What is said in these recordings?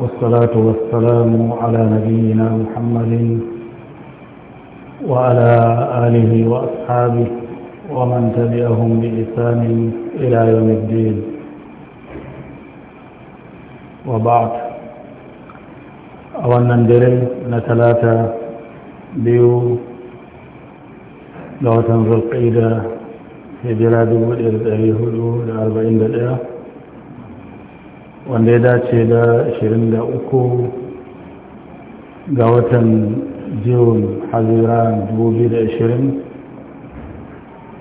والصلاة والسلام على نبينا محمد وعلى آله وأصحابه ومن تبعهم بإحسان إلى يوم الدين وبعد أولا ندري نتلاتة بيو لو تنظر قيدة في بلاد الأربعين بالإيه wanda ya dace da 23 ga watan jiyun haziran 2020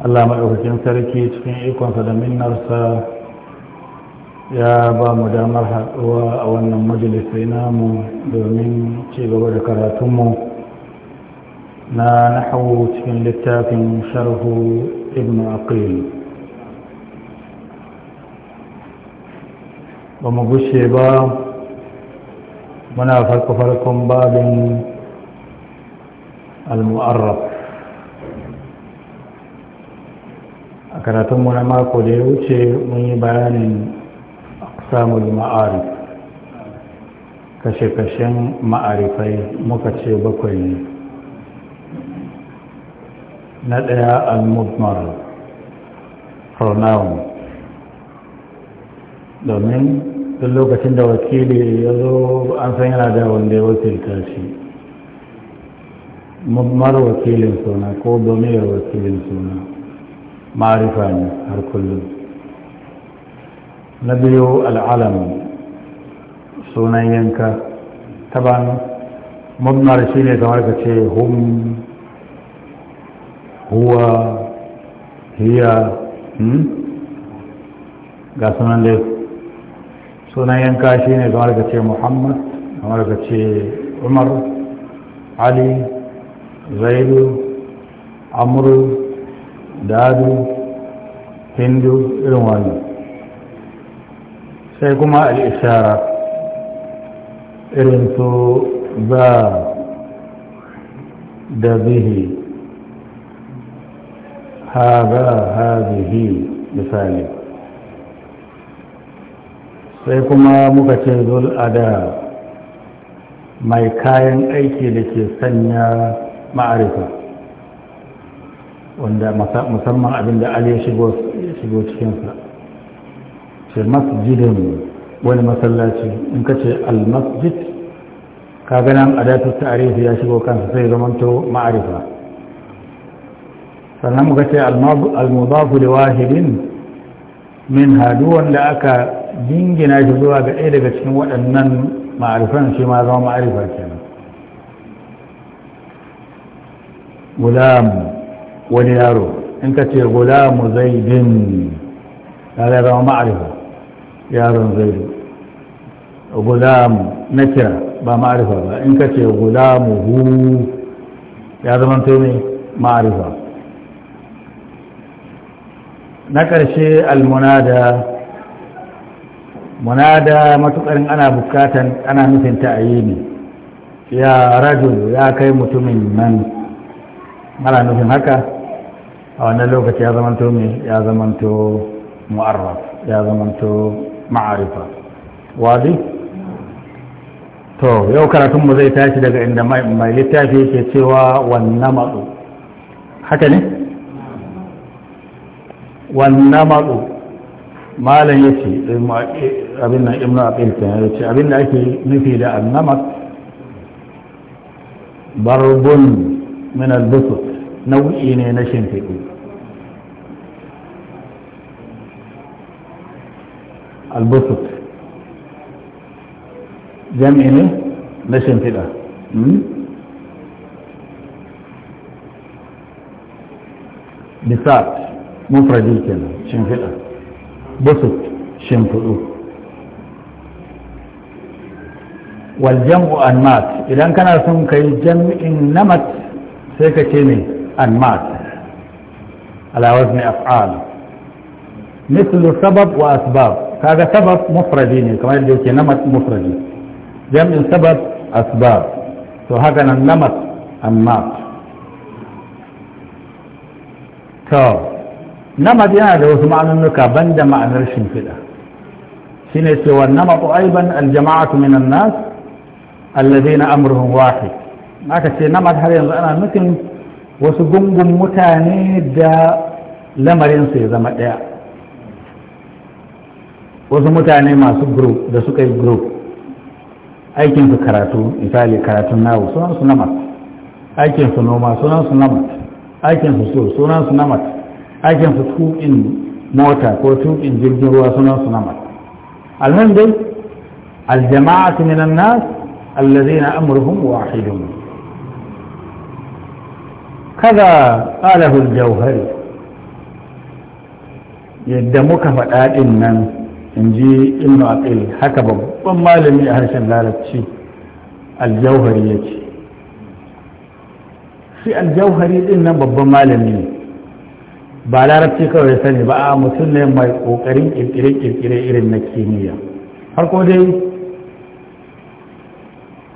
allah maɗaukacin sarki cikin ikonsa da minnarsa ya ba mu damar haɗuwa a wannan majalisai namu domin cigaba gaba da karatunmu na nahawu cikin littafin sharhu ibn aqil ba mu gushe ba muna farko-farkon babin al-mu'arraf a karatunmu na mako da ya wuce mun yi bayanin samun ma'arif kashe-kashen ma'arifai muka ce bakwai ne na ɗaya al muarraf pronoun domin duk lokacin da wakili ya zo an san yana da wanda ya wakilta shi mara wakilin suna ko domin ya wakilin suna ma'arifa ne har kullum na biyu al'alam sunan yanka taban mabnar shi ne kamar ka ce hum huwa hiya hmm? ga sunan sunan yanka shi ne kamar ka ce muhammad kamar ka ce umar ali zaidu amuru dadu hindu irin wani sai kuma al'ishara irin su ba da ha bihi ha zihi misali sai kuma muka ce ada mai kayan aiki da ke sanya ma'arifa wanda musamman abinda ali ya shigo cikinsa ce masjidin wani masallaci in ka ce almasjid ka ganin adatu ta'arifi ya shigo kansa sai zamanto ma'arifa sannan muka ce almubafu da wahidin منها دون لأكا جنجنا جزوها بإيدة بسكين وإنن معرفان شما ذو معرفة كنا غلام ولياره انت تي غلام زيد هذا ذو معرفة يار زيد غلام نكرة با معرفة انت تي هو يا ذو تومي معرفة na ƙarshe almunada munada matuƙarin ana bukatan ana nufin ta a yi ne ya rajo ya kai mutumin nan mara nufin haka a wannan lokaci ya zamanto mai ya zamanto mu'arraf ya zamanto ma'arifa wadi to yau karatunmu zai tashi daga inda mai littafi ke cewa wannan matsu haka ne والنمر ما لن يتي ابن ابن ابن ابن ابن ابن ابن ابن ابن ضرب من البسط نوئين نشن في قول البسط جمعين نشن في بساط مفردي كنا شنفلة بسط شنفلو والجمع انماط إذا كان أسم كالجمع نمت سيكا كيمي أنمات على وزن أفعال مثل سبب وأسباب هذا سبب مفردي كما يقول نمت مفردي جمع سبب أسباب فهذا نمت انماط تو Namad yana da wasu ma'anunuka banda ma'anar shimfiɗa Shi shine cewa namatu aiban aljama'atu minan nas alladhina amruhum wahid aka ce namat har yanzu ana nufin wasu gungun mutane da lamarin su ya zama ɗaya wasu mutane masu group da suka yi group aikinsu karatu misali karatun nawo sunansu namat aikinsu noma sunan sunansu namat aikinsu so su namat aikin su tuƙin mota ko tuƙin jirgin ruwa sunan su namar alhun dai aljama'atu minan nas allazina amruhum wahidun kaza qalahu aljawhari yadda muka faɗa din nan in ji ibnu aqil haka babban malami a harshen larabci ya ce. shi aljauhari ɗin nan babban malami ne ba larabci kawai sani ba a mutum ne mai kokarin kirkire-kirkire irin na kimiyya farko dai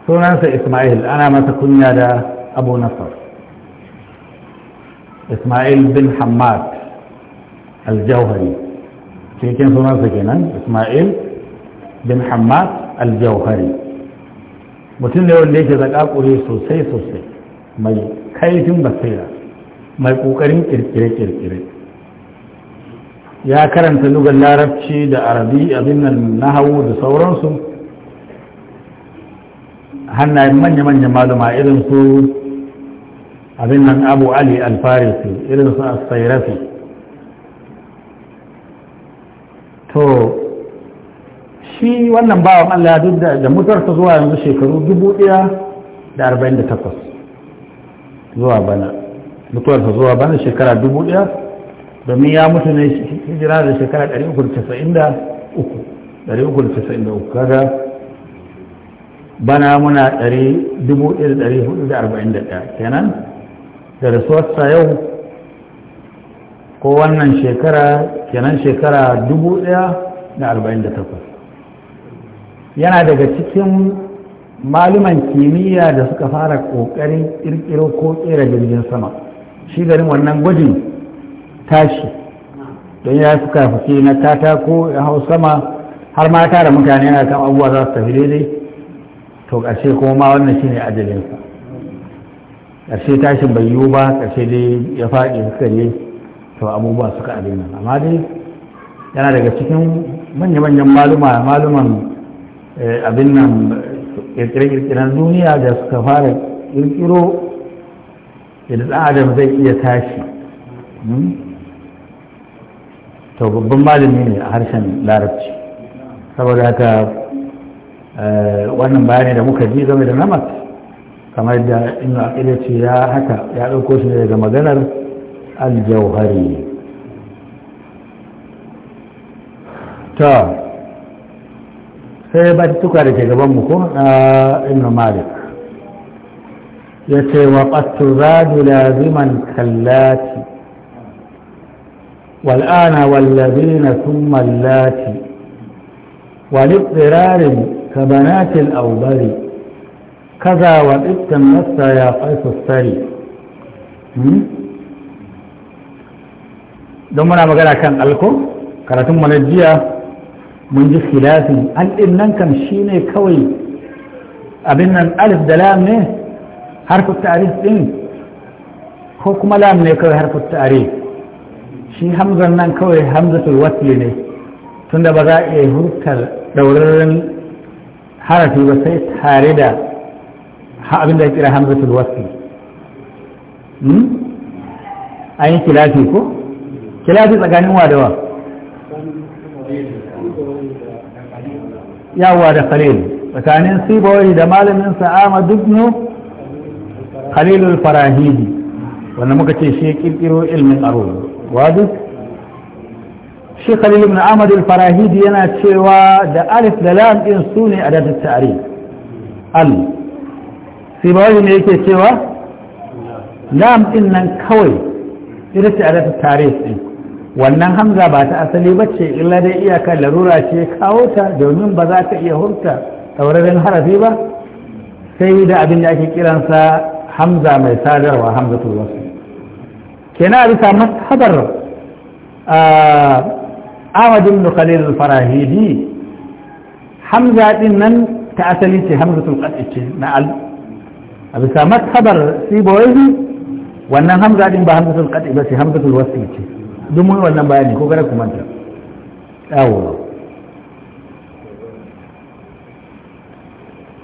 sunansa ismail ana masa kunya da abu nasar ismail bin hamad aljauhari cikin sunansa kenan ismail bin hamad aljauhari mutum ne wanda yake zaƙaƙure sosai-sosai mai kaifin basira mai ƙoƙarin kirkire-kirkire ya karanta lugar larabci da arabi abin nan nahawu da sauransu hannayen manya manya maluma irin su abin nan abu ali alfarisi irin su asairafi to shi wannan bawan allah duk da mutarsa zuwa yanzu shekaru dubu ɗaya da arba'in da takwas zuwa bana mutuwarsa zuwa bana shekara dubu ɗaya domin ya mutu ne hijira da shekara 393 uku. kaga bana muna 1441 kenan da rasuwarsa yau ko wannan shekara kenan shekara takwas. yana daga cikin maliman kimiyya da suka fara ƙoƙarin ƙirƙiro ko ƙera jirgin sama shi garin wannan gwajin tashi don ya fi kafafi na katako ya hau sama har ma tara mutane yana kan abubuwa za su tafi daidai to ƙarshe kuma ma wannan shi shine ajalinsa ƙarshe tashin bai yiwu ba ƙarshe dai ya faɗi suka yi to abubuwa suka adina amma dai yana daga cikin manya-manyan maluma maluman eh, abin nan ƙirƙirar duniya da suka fara ƙirƙiro idan ɗan adam zai iya tashi hmm? to babban malami ne a harshen larabci saboda haka eh, wannan bayani da muka ji game da namat kamar da ina aqila ce ya haka ya ɗauko shi daga maganar aljauhari ta sai ba tuka da ke gaban mu ko na inu malik ya ce wa ƙastu laziman kallati wal'ana wallazina sun mallati والاضطرار كبنات الأوبر كذا وطبت النص يا قيس السري don muna magana kan alko karatun mu jiya mun ji khilafin al nan kam ne kawai abin nan alif da lam ne harfu tarihi din ko kuma lam ne kawai harfu tarihi shi hamzan nan kawai hamzatul wasli ne tunda ba za a iya hurtar daurarren harafi ba sai tare da abin da kira hamzatul wasli hmm? an yi kilafi ko kilafi tsakanin wa da wa. yawa da khalil tsakanin sibawai da malamin sa'ama duk mu khalilul farahidi wanda muka ce shi kirkiro ilmin aro wadu shi khalil ibn yana cewa da alif da lam din su ne adatut ta'rif al sibawi ne yake cewa lam din nan kawai ita ce adatut ta'rif din wannan hamza ba ta asali ba ce illa dai iyaka larura ce kawo ta domin ba za ka iya hurta taurarin harafi ba sai da abin da ake kiransa hamza mai sadarwa Hamza wasl Kena a bisa mazhabar Ahmad ibn Khalil farahidi hamza din nan ta asali ce Hamza qat'i ce na al a bisa mazhabar Sibawi wannan hamza din ba Hamza qat'i ba ce Hamza wasl ce duk mun wannan bayani ko gara ku manta yawo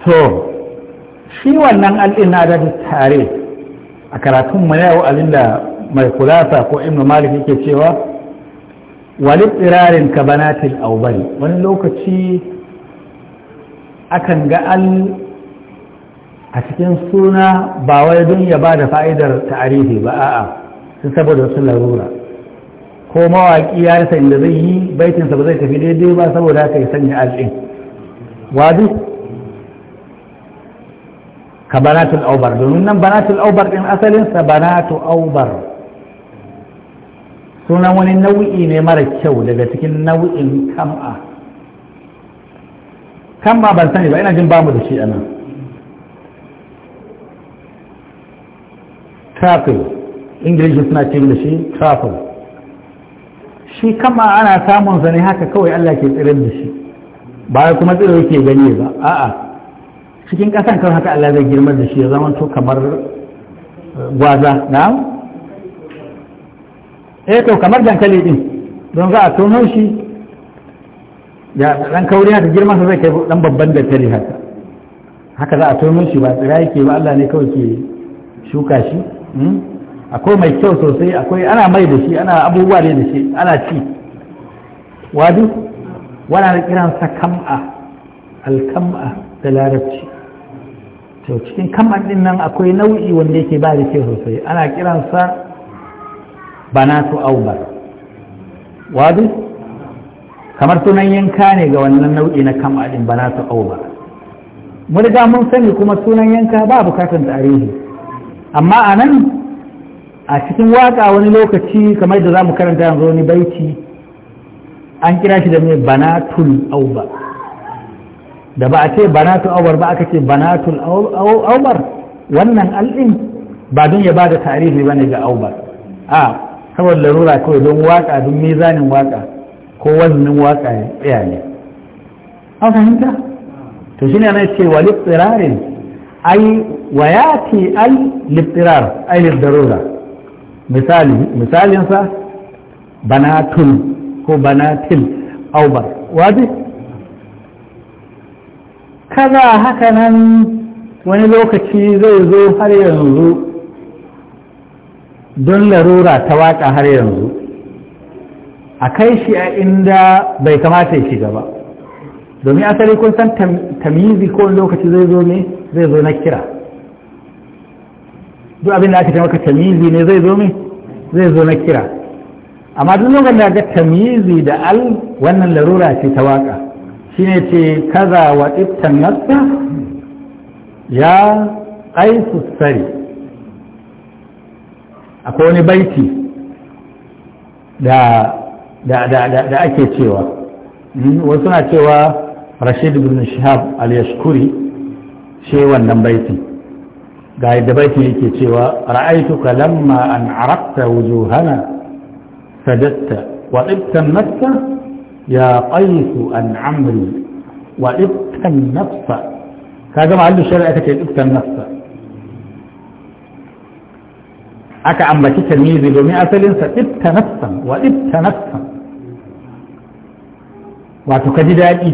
to shi wannan al'in na da tare a karatun mu yau alinda mai kulasa ko ibnu malik yake cewa walid tsirarin ka banatil aubari wani lokaci akan ga al a cikin suna ba wai don ya ba da fa'idar tarihi ba a'a sun saboda wasu larura ko mawaƙi ya rasa inda zai yi baitinsa ba zai tafi daidai ba saboda haka ya sanya al'in wadu ka banatul aubar domin nan banatul aubar din asalinsa banatu aubar sunan wani nau'i ne mara kyau daga cikin nau'in kam'a kam'a ban sani ba ina jin bamu da shi a nan travel Ingilishin suna ce da shi travel shi kama ana samun sa ne haka kawai allah ke tsirar da shi ba kuma tsiro yake gani ba a'a cikin ƙasan kan haka Allah zai girma da shi ya zama to kamar eh, gwaza na eh to kamar dankali din don za a tono shi ya dan kauri haka girma sa zai kai dan babban dankali haka haka za a tono shi ba tsira yake ba Allah ne kawai ke shuka shi hmm? akwai mai kyau sosai akwai ana mai da shi ana abubuwa ne da shi ana ci wadu wana da kiransa kam'a alkam'a da larabci to cikin kamar din nan akwai nau'i wanda yake ba da ke sosai ana kiransa banatu aubar wadu kamar sunan yanka ne ga wannan nau'i na kama din banatu aubar mun riga mun sani kuma sunan yanka ba bukatan tarihi amma a nan a cikin waka wani lokaci kamar da za mu karanta yanzu wani baiti an kira shi da mai banatul aubar da ba a ce banatu awar ba aka ce banatu awar wannan al'in ba don ya ba da tarihi ba ne ga awar a saboda larura kawai don waka don mizanin waka ko wannan waka ya tsaya ne an fahimta to shi ne na ce wa liftirarin ai wa ya ce ai liftirar ai littarura misali misalinsa banatun ko banatil awar wadi kaza haka nan wani lokaci zai zo har yanzu don larura ta waka har yanzu a kai shi a inda bai kamata ya shiga ba domin asali kun san tamizi ko lokaci zai zo ne zai zo na kira duk abin da aka ce maka tamizi ne zai zo ne zai zo na kira amma duk lokacin da ga tamizi da al wannan larura ce ta waka shine ce kaza wa ibtan ya aisu sari akwai wani baiti da da da da, da ake cewa hmm, wasu suna cewa rashid ibn shihab al-yashkuri shi wannan baiti ga yadda baitin yake cewa ra'aituka lamma an arafta wujuhana sadatta wa ibtan nasa. ya qaisu an amri wa ibtan nafsa ka gama halin shari'a kake ibtan nafsa aka ambaci talmizi domin asalinsa ibta nafsan wa ibta nafsan wato ka ji daɗi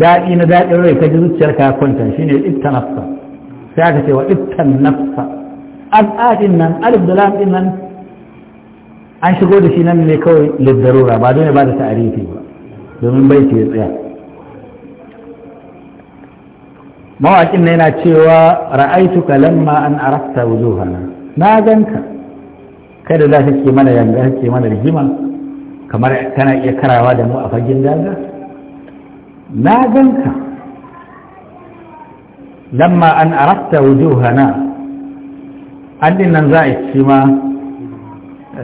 daɗi na daɗin rai ka ji zuciyar ka kwanta shine ibta nafsan sai aka ce wa ibta nafsa al'adin nan alif da lam nan an shigo da shi nan ne kawai liddarura ba dole ba da ta'arifi ba domin bai ce tsaya mawaƙin na yana cewa ra'aituka lamma an arafta wujuhana na ganka kai da za ka ke mana yanga kake mana rigima kamar kana iya karawa da mu a fagen daga na ganka lamma an arafta wujuhana an din nan za a ci ma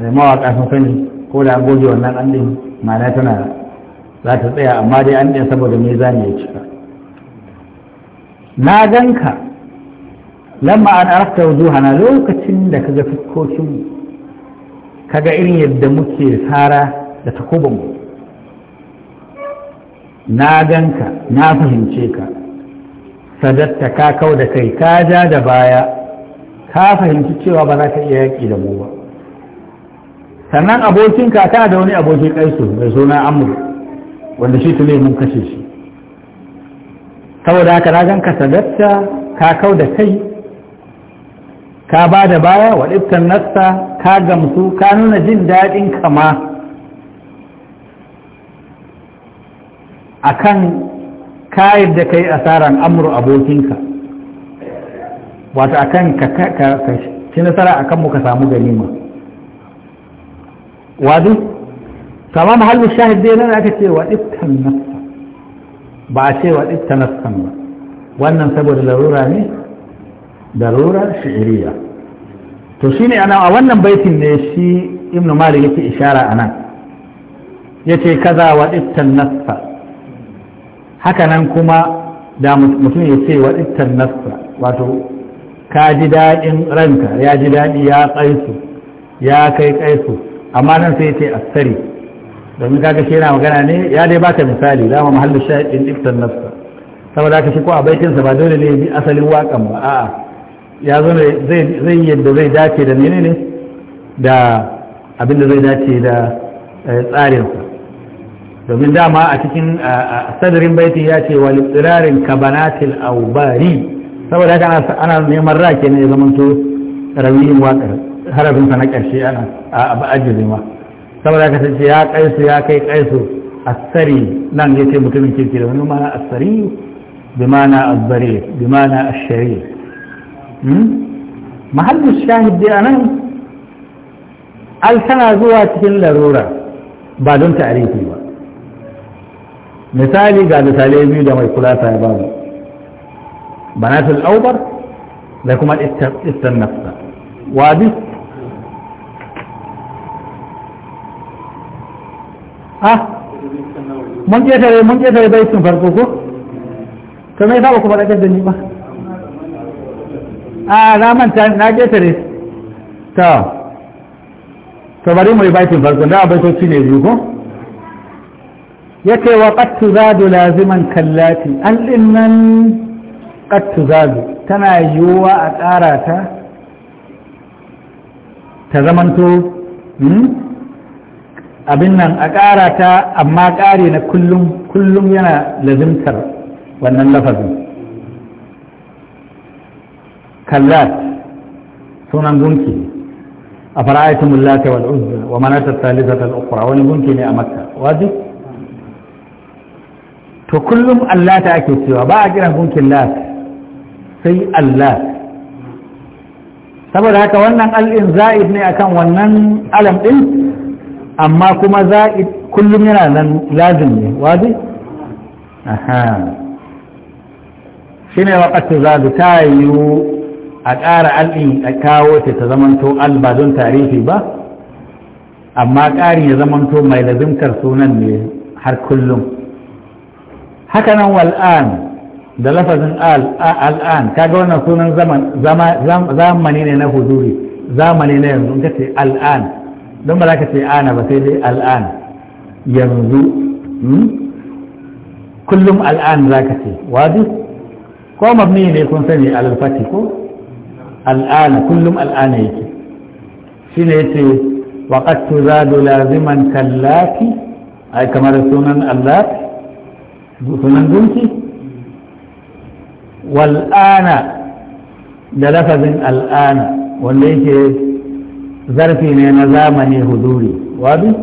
mawaka sun sani ko da goge wannan an ɗin ma'ana tana za ta tsaya amma dai an ɗin saboda me za ya cika na ganka lamma an arafta na lokacin da kaga fuskokin kaga irin yadda muke sara da takubanmu na ganka na fahimce ka sadatta ka kau da kai ka ja da baya ka fahimci cewa ba za ka iya yaƙi da mu ba sannan abokin kaka da wani abokin kaisu mai suna amur wanda shi tule mun kashe shi saboda haka na ka sadatta ka kau da kai ka ba da baya wa ɗiftan nasta ka gamsu ka nuna jin daɗin kama a kan kayar da kai asaran amur abokinka wato akan ka ci nasara akan mu ka samu ganima wadi kama mahallin shahid dai nan aka ce wa ittan nafsa ba a ce wa ittan nafsan ba wannan saboda larura ne darura shi'iriya to shine ana a wannan baitin ne shi ibnu malik yake ishara anan yace kaza wa ittan nafsa haka nan kuma da mutum ya ce wa ittan nafsa wato ka ji daɗin ranka ya ji daɗi ya kaisu ya kai kaisu. amma nan sai ce astari domin kaga shi yana magana ne ya dai baka misali dama mahallin shahidin iftan nasa saboda haka shi ko a baitinsa ba dole ne bi asalin waƙan ba a'a ya zo zai yadda zai dace da menene da abin da zai dace da eh, tsarinsa domin dama a cikin sadarin baiti ya ce wa tsirarin kabanatil aubari saboda haka ana neman rake ne ya zamanto rawiyin waƙar harafinsa na ƙarshe ana a ba'ajiri ma saboda ka ce ya kaisu ya kai kaisu asari nan ya ce mutumin kirki da wani mana asari bi mana azzare bi mana ashari hmm? mahallin shahid dai anan al tana zuwa cikin larura ba don ta'arifi ba misali ga misalai biyu da mai kula ta ya bamu banatul aubar da kuma istan nafsa wa duk ha mun ƙetare mun ƙetare sun farko ko to me yasa ba ku faɗaɗar da ni ba a na manta na ƙetare ta to bari mu yi baitin farko da baitoci ne biyu ko yake wa qad tuzadu laziman kallati an dinnan qad tuzadu tana yiwuwa a tsara ta ta zamanto hmm? abin nan a ƙara ta amma ƙari na kullum kullum yana lazimtar wannan lafazin kallat sunan gunki a fara'aitun mullata wal uzza wa manatar talisat al-ukra wani gunki ne a makka wajib to kullum Allah allata ake cewa ba a kiran gunkin lat sai allah saboda haka wannan al'in za'id ne akan wannan alam din amma kuma za'id kullum yana nan lazim ne wadi aha ne waqatu zadu ta yiwu a ƙara al'in a kawo ta ta zamanto ba don tarihi ba amma ƙarin ya zamanto mai lazimtar sunan ne har kullum hakanan wal'an da lafazin al'an kaga wannan sunan zamani ne na huzuri zamani na yanzu ka ce al'an don ba za ka ce ana ba sai dai al'an yanzu hmm? kullum al'an za ka ce wadi ko mabni ne kun sani alfati ko al'ana kullum al'ana yake shi ne yace za tuzadu laziman kallaki ai kamar sunan Allah sunan dunki? wal'ana da lafazin al'ana wanda yake zarfi ne na zamani huduri wadu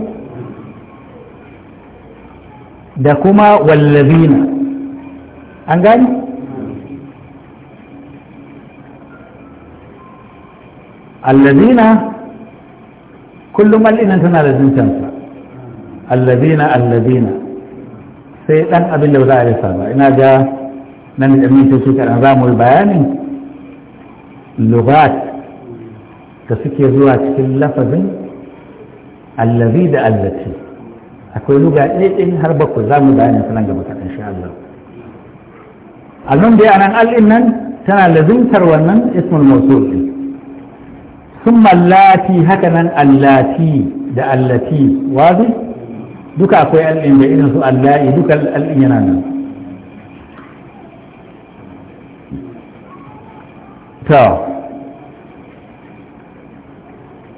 da kuma wallazina an gani allazina kullum al'inan tana da zincansa allazina allazina sai dan abin da za a rasa ba ina ga nan da mintoci kaɗan za mu bayanin lugat da suke zuwa cikin lafazin allazi da allati akwai luga ɗin har bakwai za mu bayani nan gaba kaɗan insha Allah alman da anan al'in nan tana lazimtar wannan ismul mawsul din summa allati haka nan allati da allati wazi duka akwai al'in da irin su allahi duka al'in yana nan to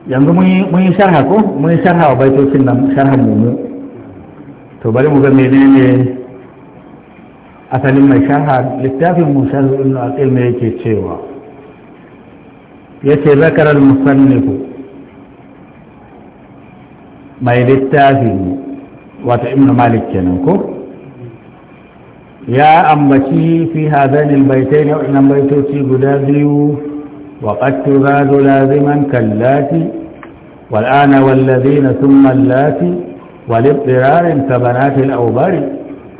yanzu mun yi sharha ko mun yi sharha wa baitocin nan sharhan mumu to bari mu ga menene asalin mai sharha littafin musar ibn aqil ne yake cewa yace zakara al-musannif mai littafin wata ibn malik kenan ko ya ambaci fi hadanil baitaini wa baitoci guda biyu وقد تباد لازما كاللاتي والآن والذين ثم اللاتي والاضطرار كبنات الأوبار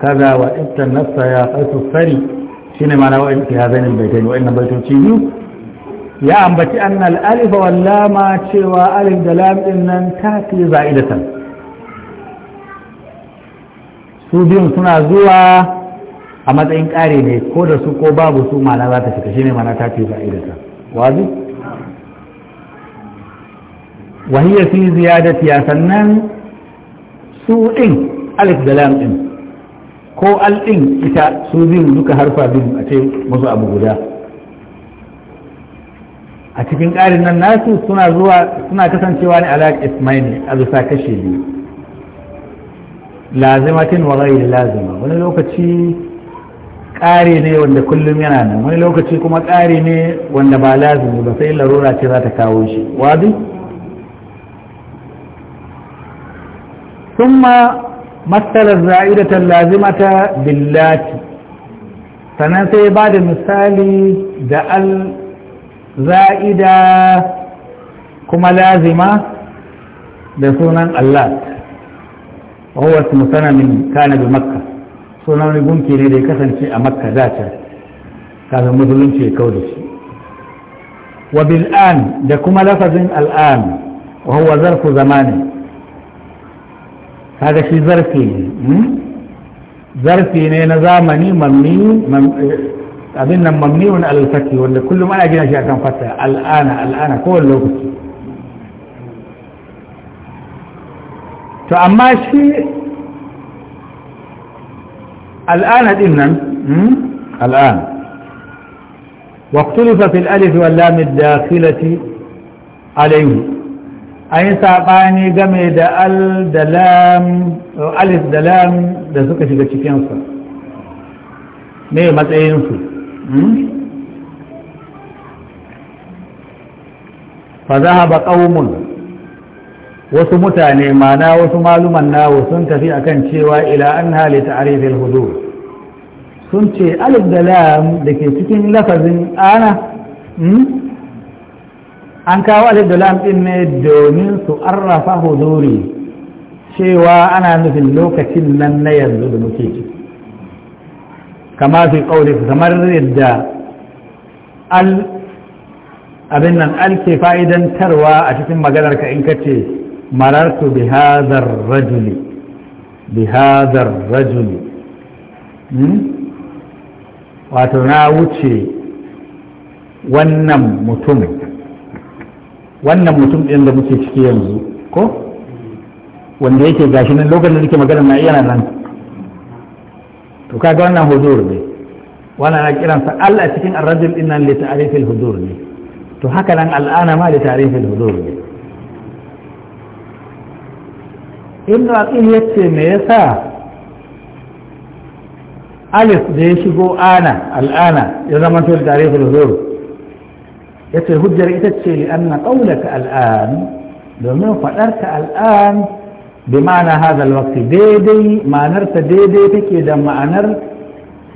كذا وإبت النفس يا قيس الثري شين معنى وإن في هذين البيتين وإن بيتون شيني يا أنبت أن الألف واللام تشوى ألف دلام إن تأتي زائدة سوديون سنة زوا a matsayin ƙare ne ko da su ko babu su ma'ana za ta fita shine ma'ana ta ce fa'idata wazi wahiyya fi ya sannan su ɗin alif da lam ɗin ko al ɗin ita su biyun duka harfa biyu a ce musu abu guda a cikin ƙarin nan nasu suna zuwa suna kasancewa ne ala ismaili a bisa kashe biyu lazimatin wa ghairi lazima wani lokaci ƙari ne wanda kullum yana nan wani lokaci kuma ƙari ne wanda ba lazimi ba sai larura ce za ta kawo shi wazi ثم مثل الزائدة اللازمة باللاتي sannan sai ba da misali da al-za'ida kuma lazima da sunan Allah wa huwa ismu sanamin kana bi makka. sunan wani gunki ne da ya kasance a makka da kafin musulunci ya kawo da shi wa bil'an da kuma lafazin al'an wa huwa zarfu zamani kaga shi zarfi ne hmm? zarfi ne na zamani mamni eh, abin nan mamni wani alfaki wanda kullum ana gina shi akan fata al'ana al'ana kowane lokaci to amma shi الآن هدئنا الآن واختلف في الألف واللام الداخلة عليه أي ساقاني جميد أل دلام لام ألف دا لام دا سكة شكا شكينسا ميه متأينسو فذهب قوم wasu mutane mana wasu maluman nawo sun tafi akan cewa ila an hali ta'arifil hudu sun ce alif da lam da ke cikin lafazin ana hmm? an kawo alif da lam ɗin ne domin su arrafa huduri cewa ana nufin lokacin nan na yanzu da muke ci kama fi ƙauri kamar yadda abin nan alke fa'idantarwa a cikin maganar ka in ka ce marartu bi hadhar rajuli bi hadhar rajuli wato na wuce wannan mutumin wannan mutum ɗin da muke ciki yanzu ko wanda yake gashi nan lokacin da nake magana na iya nan to kaga wannan huzur ne wannan na sa Allah cikin arrajul innan li ta'rifil huzur ne to haka nan al'ana ma li ta'rifil huzur ne ibn ya ce me yasa alif da ya shigo ana al'ana ya zama da tarihul ya ce hujjar ita ce li na qawlaka al'an domin fadarka al'an bi ma'ana hadha wakti waqt daidai ma'anarta daidai take da ma'anar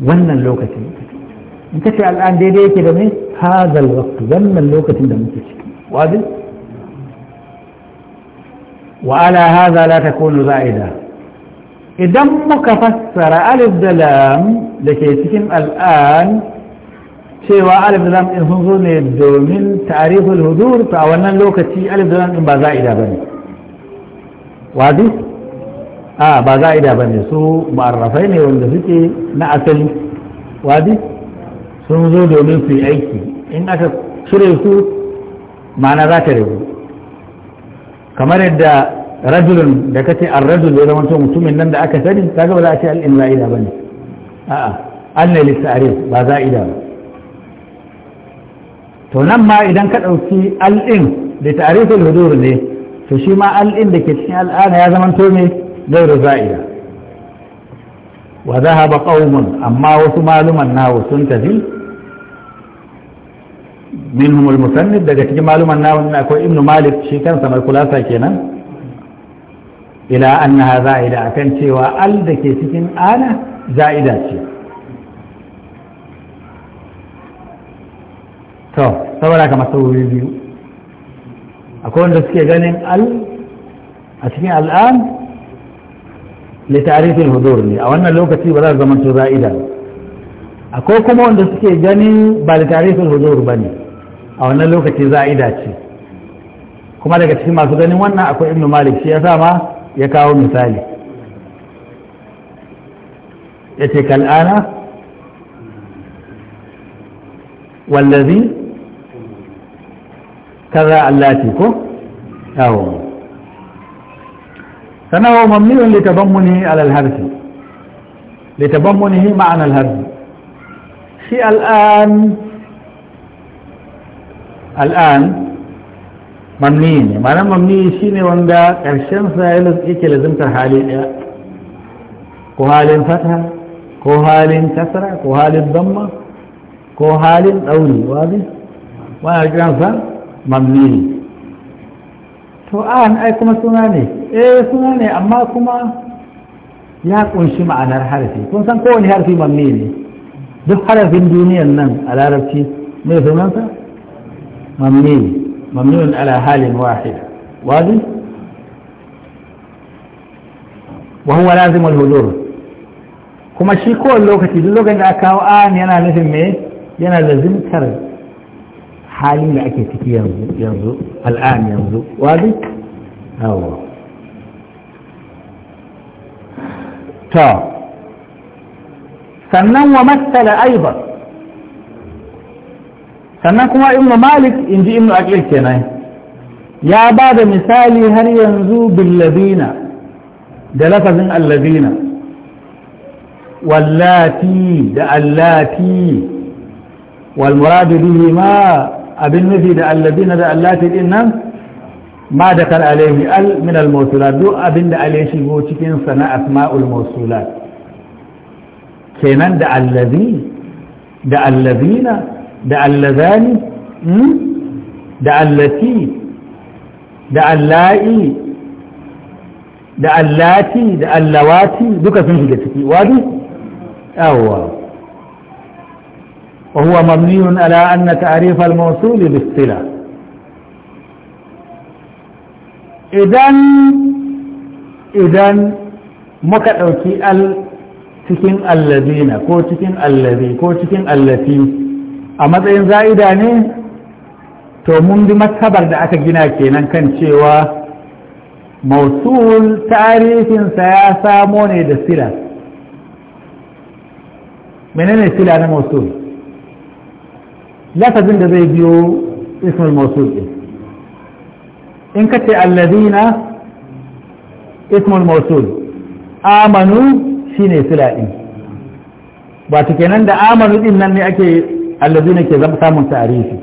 wannan lokacin in kace al'an daidai yake da me hadha wakti wannan lokacin da muke ciki wadi وعلى هذا Idan muka fassara alif da lam da ke cikin al'an cewa alif da lam in sun zo ne domin tarihul hudur to a wannan lokaci alif da lam in ba za'ida bane wadi a ba za'ida bane su mu'arrafai ne wanda suke na asali wadi sun zo domin su yi aiki in aka cire su ma'ana za ta rubu kamar yadda rajulun da kace ar-rajul ya zama mutumin nan da aka sani kaga ba za a ce al-inza'ida bane a'a annal lisarif ba za'ida ba to nan ma idan ka dauki al-in da ta'rifin hudur ne to shi ma al-in da ke cikin al'ana ya zama to me gairu za'ida wa dhahaba qaumun amma wasu maluman nawo sun tafi minhum al-musannif daga cikin maluman nawa ne akwai ibnu malik shi kansa mai kulasa kenan ila annaha za'ida akan cewa al da ke cikin ana za'ida ce to saboda ka masauri biyu akwai wanda suke ganin al a cikin al'an litarifin hudur ne a wannan lokaci ba za su zama za'ida akwai kuma wanda suke ganin ba litarifin hudur ba ne a wannan lokaci za a yi dace kuma daga cikin masu ganin wannan akwai ibnu malik shi ya sa ma ya kawo misali ya ce kal'ana wallazi kaza allati ko yawo sanawa mamniyun litabammuni alal harfi litabammuni ma'an al harfi shi al'an الآن ممنين ما نعم ممنين شيني واندا كرشان سائل إيكي لازم تحالي إيا كو حال فتحة كو حال كسرة كو حال الضمة كو حال أولي واضح ما أجران سا ممنين تو آن أي كما سناني إيه سناني أما كما يا كونشي معنا الحرفي كون سنكون حرفي ممنين دو حرف الدنيا النم على عربتي ما يفهمان مبني مبني على حال واحد واضح وهو لازم الهدور كما شي كل لوكتي لو كان اكاو ان يانا لازم مي يانا لازم كر حالي لا اكي تكي ينزو ينزو الان ينزو واضح اهو تا طيب. سنن ومثل ايضا sannan kuma ibnu malik in ji ibnu aqil kenan ya ba da misali har yanzu billabina da lafazin allabina wallati da allati wal muradu bihi ma abin nufi da allabina da allati din nan ma da kan alaihi al min al mawsulat duk abin da alai shigo cikin sana asma'ul mawsulat kenan da allazi da allazina da allazani hmm? da allati da allai da allati da allawati duka sun shiga ciki wadu yawwa wa huwa mamniyun ala anna ta'rif al-mawsul bi istila idan muka ɗauki al cikin allazina ko cikin allazi ko cikin allati a matsayin za'ida ne to mun bi masabar da aka gina kenan kan cewa mausul tarihinsa ya samo ne da sila menene sila na mausul lafazin da zai biyo ismul mausul ɗin in ka ce allazina ismul mausul amanu shine sila ɗin ba kenan da amanu ɗin nan ne ake allazina ke zama samun tarihi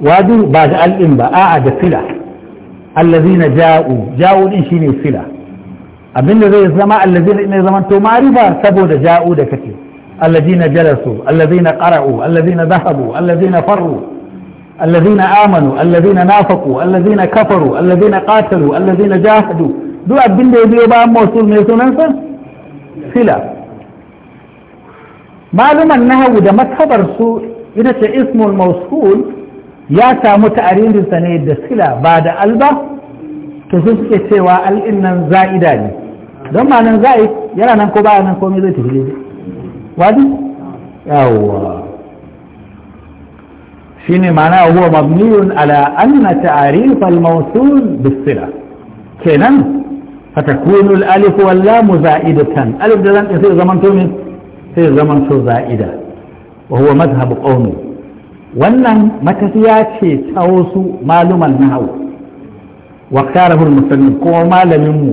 wajin ba da al'in ba a'a da fila allazina ja'u ja'u din shine fila abinda zai zama allazina ina zaman to ma'rifa saboda ja'u da kace allazina jalasu allazina qara'u allazina dhahabu allazina farru allazina amanu allazina nafaqu allazina kafaru allazina qatalu allazina jahadu duk abinda ya biyo ba mausul mai sunan sa fila معلوم أنها وده ما تخبر سو إذا اسم الموصول يا سامو تأرين لسنة الدسلة بعد ألبا تزوج كسوى الإنن زائدان دم أنا زائد يلا ننكوبا ننكومي ذي تفليد وادي أوه شيني معناه هو مبني على أن تعريف الموصول بالصلة كينا فتكون الألف واللام زائدة ألف دلان يصير زمان تومي sai zaman to za'ida wa mazhabu qawmi wannan matafiya ce ta wasu maluman nahawu wa karahu al kuma malamin mu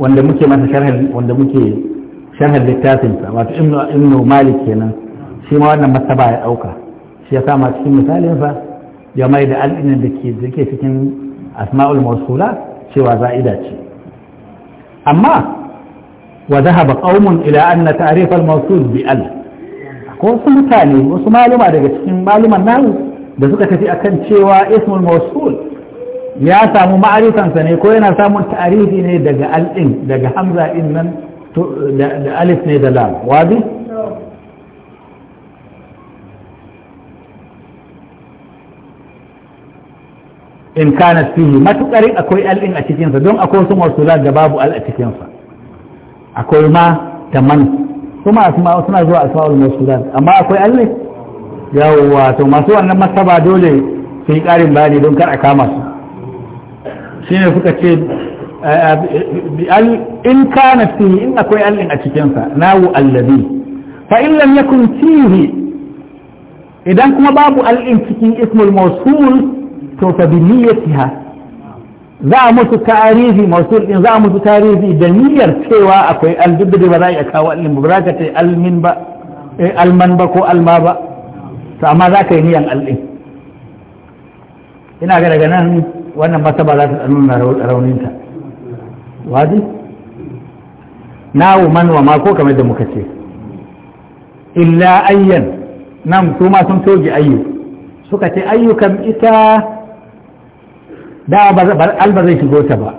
wanda muke masa sharhin wanda muke sharhin littafin sa wato ibnu ibnu malik kenan shi ma wannan masaba ya dauka shi ya sama cikin misalin sa ya mai da alinan da ke cikin asma'ul mawsula cewa za'ida ce amma وذهب قوم إلى أن تعريف الموصول بأل أقول اسم ثاني واسم معلومة دقة اسم معلومة ناو نعم. بسكة في أكن شوى اسم الموصول يا سامو معرفة ثانية كوينا سامو تعريف إني دقة الإن دقة حمزة إن ألف ني دلال واضح إن كانت فيه ما تقرئ أكوي الإن أتكينسا دون أكوي سمو رسولات جبابو الأتكينسا akwai ma da man kuma suna zuwa asma'ul masulat amma akwai alle yawwa to masu wannan masaba dole su yi karin bayani don kar a kama su shine suka ce in kana fihi in akwai allin a cikinsa nawu allazi fa in lam yakun fihi idan kuma babu allin cikin ismul mawsul to fa bi niyyatiha za a mutu tarihi masu din za a mutu tarihi da niyyar cewa akwai aljibbi ba za a iya kawo almin ba za ka ce almin ba eh, alman ba ko alma ba to amma za ka yi niyan alim ina ga daga nan wannan ba za ta nuna rauninta wazi nawu man wa ma ko kamar da muka ce illa ayyan nan su ma sun toge ayyu suka ce ayyukan ita da alba zai shigo ta ba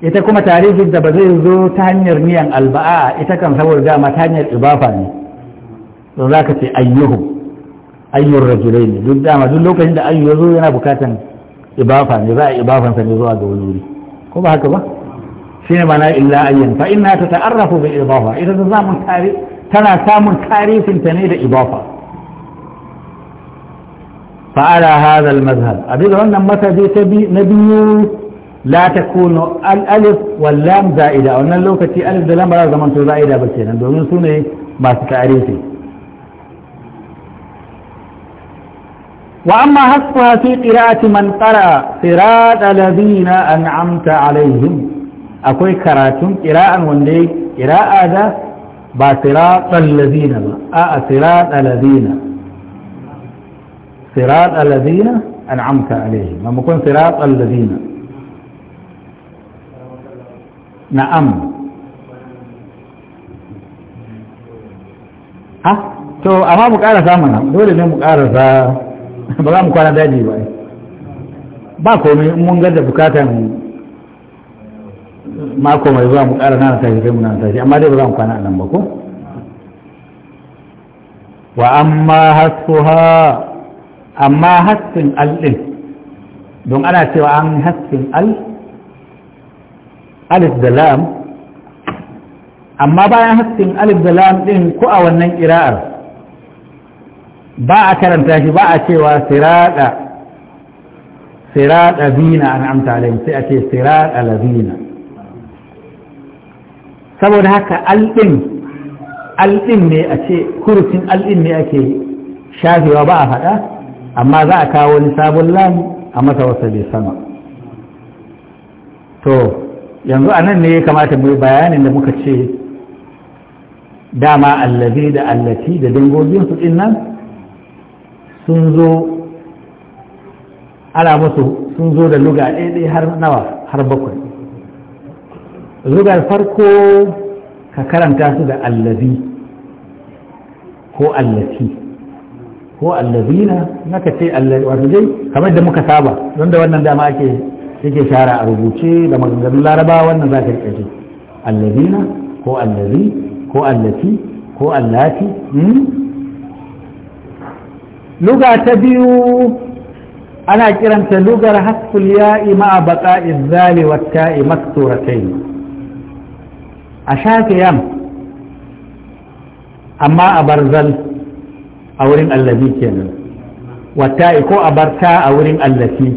ita kuma tarihin da ba zai zo ta hanyar miyan alba'a ita kan saboda dama ta hanyar ibafa ne don za ka ce ayyuhu ayyun rajulai ne duk dama duk lokacin da ayyu zo yana bukatan ibafa ne za a ibafansa ne zuwa ga wani wuri ko ba haka ba shi ne mana illa ayyan fa inna ta ta'arrafu bi ibafa ita ta samun tana samun tarihin ta ne da ibafa فعلى هذا المذهب أبيض عنا متى نبي لا تكون الألف واللام زائدة أو لو كتي ألف دلام بلا زمن زائدة بكينا دومين سوني ما تعريفي وأما حسبها في قراءة من قرأ صراط الذين أنعمت عليهم أكوي كراتم قراءة وندي قراءة ذا با صراط الذين با آه صراط الذين sirat alladhina an'amta alaihim mamakon sirat alladhina na'am ha to amma mu karasa mana dole ne mu karasa ba za mu kwana daji ba ba komai mun ga bukatan mako mai zuwa mu kara nana tashi kai mu nana tashi amma dai ba za mu kwana nan wa amma hassin al don ana cewa an hassin alif da lam amma bayan hassin alif da lam ɗin ko a wannan ƙira'ar ba a karanta shi ba a cewa siraɗa siraɗa zina an amta alayhi sai a ce siraɗa lazina saboda haka alɗin alɗin ne a ce kurucin alɗin ne ake shafewa ba a faɗa amma za a kawo wani sabon layi a masa bai sama to yanzu a nan ne ya kamata mu bayanin da muka ce dama allabi da allati da dangoginsu din nan sun zo ala musu sun zo da luga ɗaiɗai har nawa har bakwai lugar farko ka karanta su da allabi ko allati ko allazina naka ce wato dai kamar da muka saba don da wannan dama ake yake shara a rubuce da maganganun laraba wannan za ka rike allazina ko allazi ko allati ko allati hmm? luga ta biyu ana kiranta lugar hasful ya'i ma'a baqa'iz zali wat ta'i makturatayn a shafi yam amma a barzal a wurin allazi kenan wata ko a bar ta a wurin allafi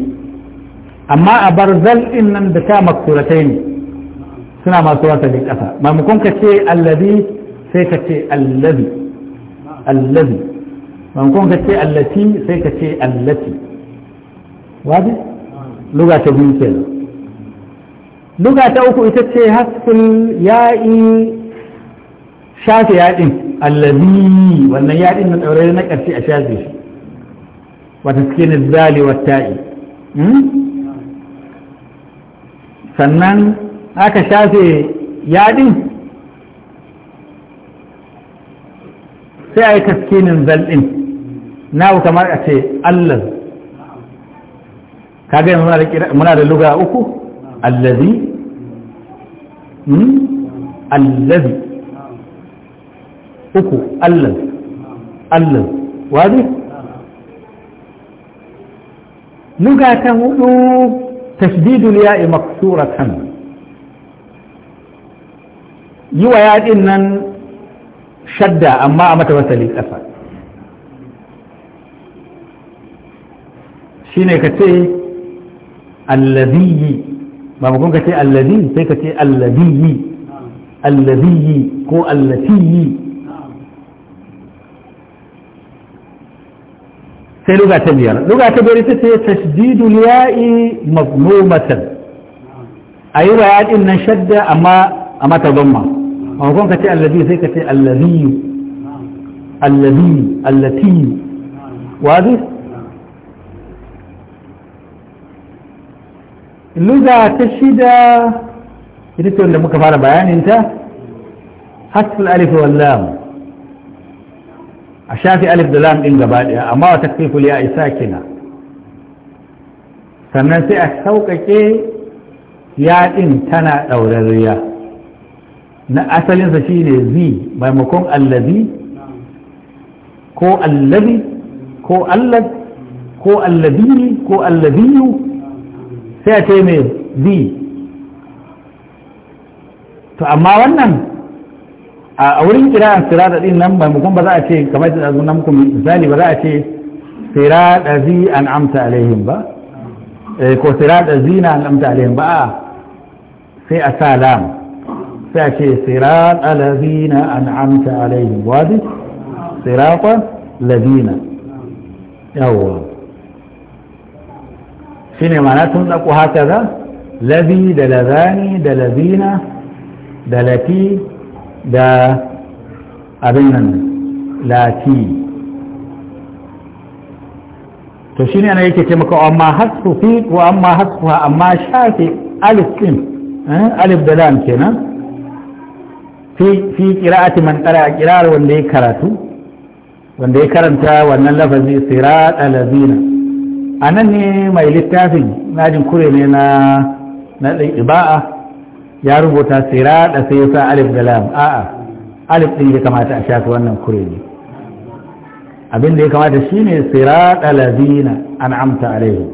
amma a bar zal nan da ta maksuratai ne suna masu wata da kasa maimakon ka ce allazi sai ka ce allazi allazi maimakon ka ce allafi sai ka ce allafi wadi luga ta biyu kenan luga ta uku ita ce hasfin ya'i shafe yaɗin allazi wannan yaɗin na tsaurari na ƙarshe a shafe shi wata suke na zali ta'i hmm? sannan aka shafe yaɗin sai a yi taskinin zalɗin na kamar a ce allah kaga yanzu muna da luga uku allazi hmm? allazi uku allan allan wani luga ta hudu tashdidul ya'i maksuratan yi wa yaɗin nan shadda amma a mata wasali ƙasa shi ne ka ce allaziyi ba makon ka ce allazi sai ka ce allaziyi allaziyi ko allatiyi sai luga ta biyar luga ta biyar ita ce tasdidu liya'i mazmumatan a yi wa yaɗin nan shadda amma a mata gomma a hukun ka ce allazi sai ka ce allazi allazi allati wazi luga ta shida ita ce wanda muka fara bayaninta hasful alif wal lam a shafi alif da lam din gaba daya amma wa takfiful ya isa kina sannan sai a sauƙaƙe ya din tana ɗaurarriya na asalinsa shine zi maimakon allazi ko allazi ko allaz ko allazi ko allaziyu sai a ce mai zi to amma wannan a wurin kira sirada din nan ba mutum ba za a ce kamar da zuwa muku misali ba za a ce sirada zi an amta alaihim ba eh, ko sirada na an amta alaihim ba sai a sa lam sai a ce sirada na an amta alaihim wadi sirada lazina yawwa ne ma'ana tun ɗauko haka za Lazi da lazani da lazina da lati da abin nan lati to shi ne na yake ce maka amma hasfu fi ko amma hasfu amma shafi alif din eh, alif da lam kenan fi fi qira'ati man qara qirar wanda ya karatu wanda ya karanta wannan lafazi sirat alazina anan ne mai littafin najin kure ne na na ibaa ya rubuta sirada sai ya sa alif da lam a'a alif din ya kamata a shafi wannan kure ne abin da ya kamata shine sirada ladina an'amta alaihi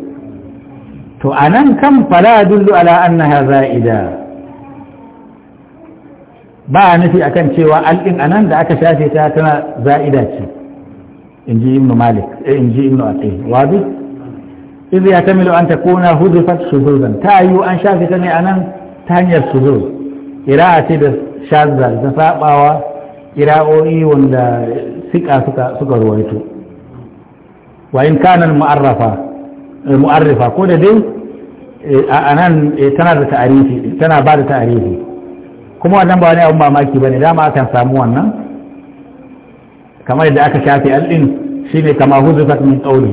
to anan kan fala dullu ala annaha za'ida ba nufi akan cewa al'in anan da aka shafe ta tana za'ida ce in ji ibnu malik eh, in ji ibnu aqil wadi idh yatamilu an takuna hudifat shuzuzan ta yi an shafe ta ne anan ta hanyar su sudul ira'a ce da shazza da sabawa ira'o'i wanda siƙa suka suka ruwaito wa in kana mu'arrafa mu'arrifa ko da dai eh, a nan eh, tana da ta'arifi tana ba da ta'arifi kuma wannan ba wani abun mamaki bane dama akan samu wannan kamar yadda aka shafe al-din shine kama huzufat min qawli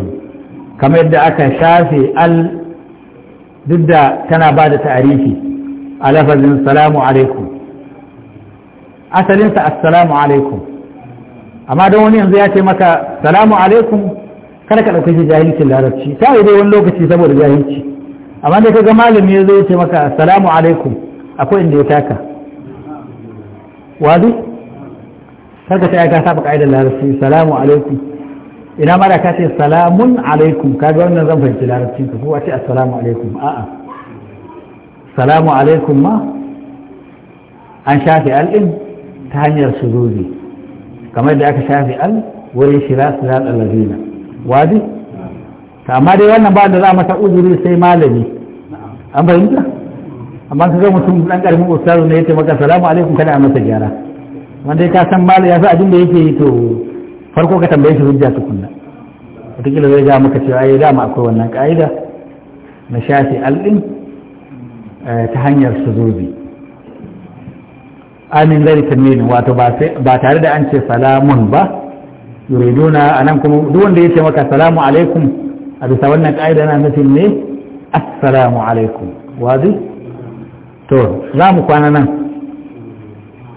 kamar yadda aka shafe al duk da tana ba da ta'arifi a lafazin salamu alaikum asalinsa assalamu alaikum amma don wani yanzu ya ce maka salamu alaikum kada ka ɗauki jahilcin larabci ta yi dai wani lokaci saboda jahilci amma da ka ga malami ya zo ya ce maka assalamu alaikum akwai inda ya taka wadu karka ta ya ka saba ka'idar larabci salamu alaikum ina mara ka ce salamun alaikum ga wannan zan fahimci larabcin ka ko a ce assalamu alaikum a'a salamu alaikum ma an shafi al'in ta hanyar suzuzi kamar da aka shafi al wurin shira su zaɗa lazina wadi amma dai wannan ba da za masa uzuri sai malami an fahimta amma ka ga mutum ɗan ƙarfin ustazu ne ya ce maka salamu alaikum kada a masa gyara wanda ya san malami ya sa abin da yake yi to farko ka tambaye shi hujja tukunna wataƙila zai ga maka cewa ai dama akwai wannan ka'ida na shafi al'in Eh, ta hanyar su suzuzi amin zai tanwini wato ba tare da an ce salamun ba yuriduna nan kuma duk wanda ya ce maka salamu alaikum a bisa wannan ka'ida na nufin ne assalamu alaikum wazi to za mu kwana nan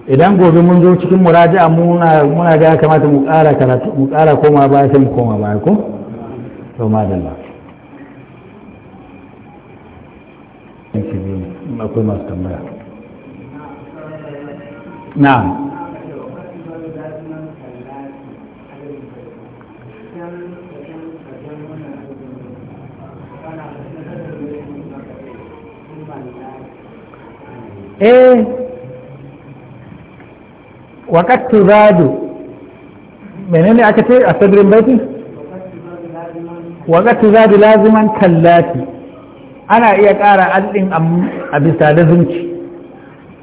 idan gobe mun zo cikin muraji a muna ga kamata mu ƙara karatu mu ƙara koma ba sai mu koma ba ko to madalla thank you akwai masu tambaya na'am eh waƙat tuzadu menene aka ce a sadrin baiti waƙat tuzadu laziman kallati ana iya ƙara alɗin a bisa da lazumci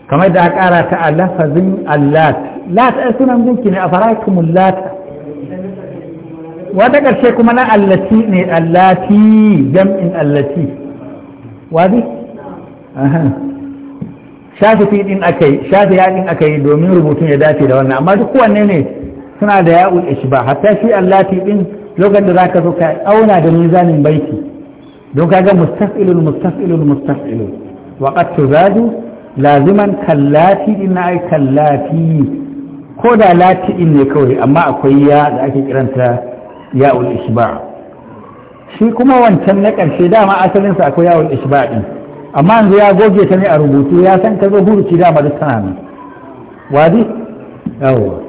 kamar da aka ƙara ta a lafazin allat lat a sunan gunki ne a farakumul lata wata ƙarshe kuma na allati ne allati jam'in allati wadi shafi fi din aka yi shafi ya aka yi domin rubutun ya dace da wannan amma duk wanne ne suna da ya'ul ishba hatta shi allati ɗin, lokacin da za ka zo ka auna da mizanin baiti don kaga mustaf'ilun mustaf'ilun mustaf'ilun wa qad tuzadu laziman kallati din ai kallati ko da lati din ne kawai amma akwai ya da ake kiranta ya'ul isba shi kuma wancan na karshe dama asalin sa akwai ya'ul isba din amma yanzu ya goge ta ne a rubutu ya san ta zo huruci dama da tana nan wadi yawwa